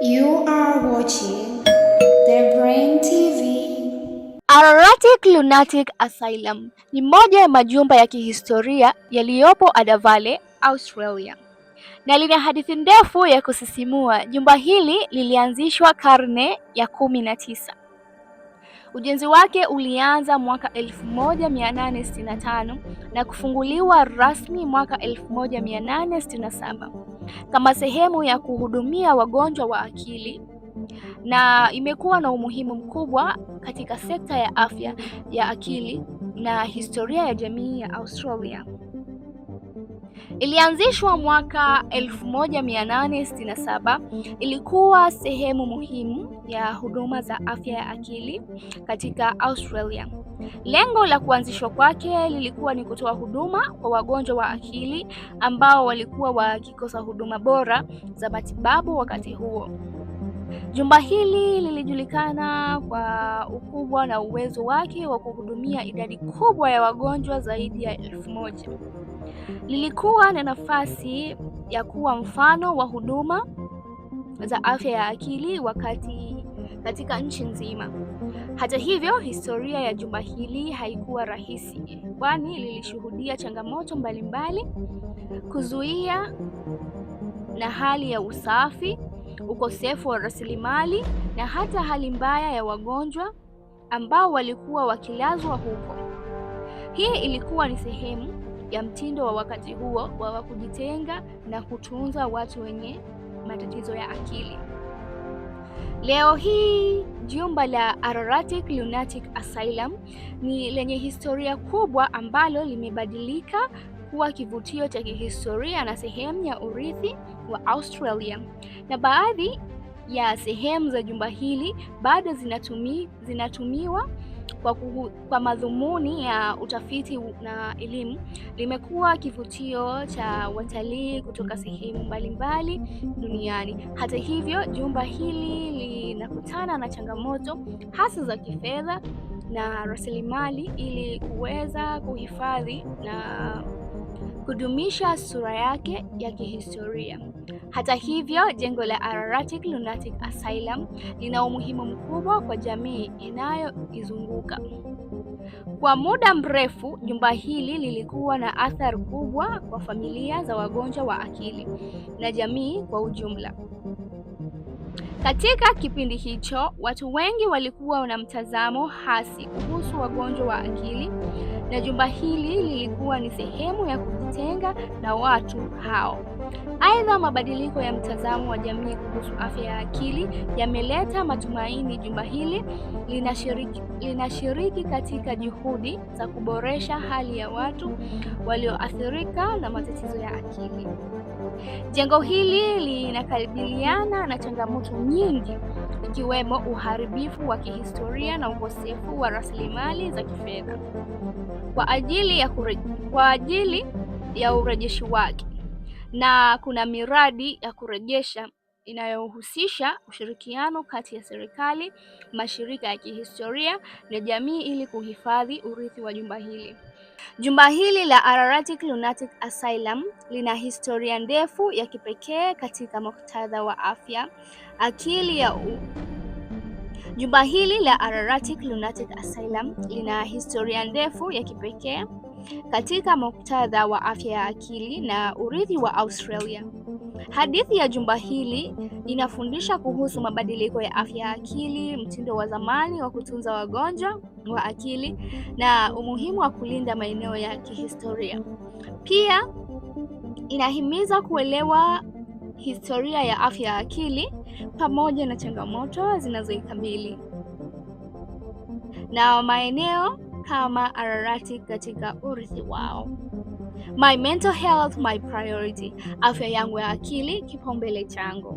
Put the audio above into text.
You are watching The Brain TV. Ararat Lunatic Asylum ni moja ya majumba ya kihistoria yaliyopo adavale Australia na lina hadithi ndefu ya kusisimua. Jumba hili lilianzishwa karne ya kumi na tisa. Ujenzi wake ulianza mwaka 1865 na kufunguliwa rasmi mwaka 1867 kama sehemu ya kuhudumia wagonjwa wa akili na imekuwa na umuhimu mkubwa katika sekta ya afya ya akili na historia ya jamii ya Australia. Ilianzishwa mwaka 1867. Ilikuwa sehemu muhimu ya huduma za afya ya akili katika Australia. Lengo la kuanzishwa kwake lilikuwa ni kutoa huduma kwa wagonjwa wa akili ambao walikuwa wakikosa huduma bora za matibabu wakati huo. Jumba hili lilijulikana kwa ukubwa na uwezo wake wa kuhudumia idadi kubwa ya wagonjwa zaidi ya elfu moja. Lilikuwa na nafasi ya kuwa mfano wa huduma za afya ya akili wakati katika nchi nzima. Hata hivyo, historia ya jumba hili haikuwa rahisi, kwani lilishuhudia changamoto mbalimbali, kuzuia na hali ya usafi, ukosefu wa rasilimali na hata hali mbaya ya wagonjwa ambao walikuwa wakilazwa huko. Hii ilikuwa ni sehemu ya mtindo wa wakati huo wa kujitenga na kutunza watu wenye matatizo ya akili. Leo hii jumba la Araratic Lunatic Asylum ni lenye historia kubwa ambalo limebadilika kuwa kivutio cha kihistoria na sehemu ya urithi wa Australia. Na baadhi ya sehemu za jumba hili bado zinatumi, zinatumiwa kwa, kuhu, kwa madhumuni ya utafiti na elimu, limekuwa kivutio cha watalii kutoka sehemu mbalimbali duniani. Hata hivyo, jumba hili linakutana na changamoto hasa za kifedha na rasilimali ili kuweza kuhifadhi na kudumisha sura yake ya kihistoria. Hata hivyo, jengo la Ararat Lunatic Asylum lina umuhimu mkubwa kwa jamii inayoizunguka. Kwa muda mrefu, jumba hili lilikuwa na athari kubwa kwa familia za wagonjwa wa akili na jamii kwa ujumla. Katika kipindi hicho, watu wengi walikuwa na mtazamo hasi kuhusu wagonjwa wa akili na jumba hili lilikuwa ni sehemu ya kujitenga na watu hao. Aidha, mabadiliko ya mtazamo wa jamii kuhusu afya ya akili yameleta matumaini. Jumba hili linashiriki, linashiriki katika juhudi za kuboresha hali ya watu walioathirika na matatizo ya akili. Jengo hili linakabiliana na changamoto nyingi ikiwemo uharibifu wa kihistoria na ukosefu wa rasilimali za kifedha kwa ajili ya, ya urejeshi wake na kuna miradi ya kurejesha inayohusisha ushirikiano kati ya serikali, mashirika ya kihistoria na jamii ili kuhifadhi urithi wa jumba hili. Jumba hili la Ararat Lunatic Asylum lina historia ndefu ya kipekee katika muktadha wa afya akili ya u... Jumba hili la Ararat Lunatic Asylum lina historia ndefu ya kipekee katika muktadha wa afya ya akili na urithi wa Australia. Hadithi ya jumba hili inafundisha kuhusu mabadiliko ya afya ya akili, mtindo wa zamani wa kutunza wagonjwa wa akili na umuhimu wa kulinda maeneo ya kihistoria. Pia inahimiza kuelewa historia ya afya ya akili pamoja na changamoto zinazoikabili na maeneo kama Ararati katika urithi wao. My mental health my priority, afya yangu ya akili kipaumbele changu.